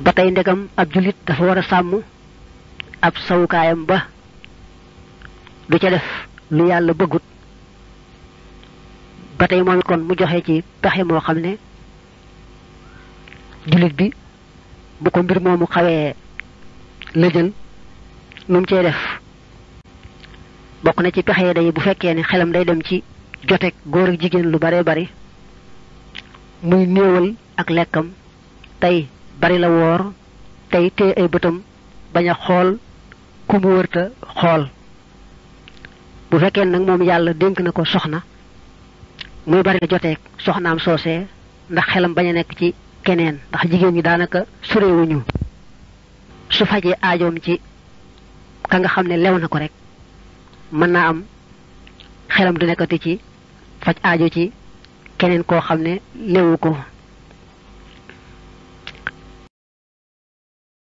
ba tey ndegam ab jullit dafa war a sàmm ab sawukaayam ba du ca def lu yàlla bëggut ba tey moom kon mu joxe ci pexe moo xam ne jullit bi bu ko mbir moomu xawee lëjal nu mu cay def bokk na ci pexe day bu fekkee ne xelam day dem ci joteeg góor ak jigéen lu bare bari muy néewal ak lekkam tey bari la woor tey tee ay bëtam bañ xool ku mu wërta xool bu fekkee nag moom yàlla dénk na ko soxna muy bari la joteeg soxnaam soosee ndax xelam bañ a nekk ci keneen ndax jigéen ñi daanaka sorewuñu su fajee aajoom ci ka nga xam ne lew na ko rek mën naa am xelam du nekkati ci faj aajo ci keneen koo xam ne lewu ko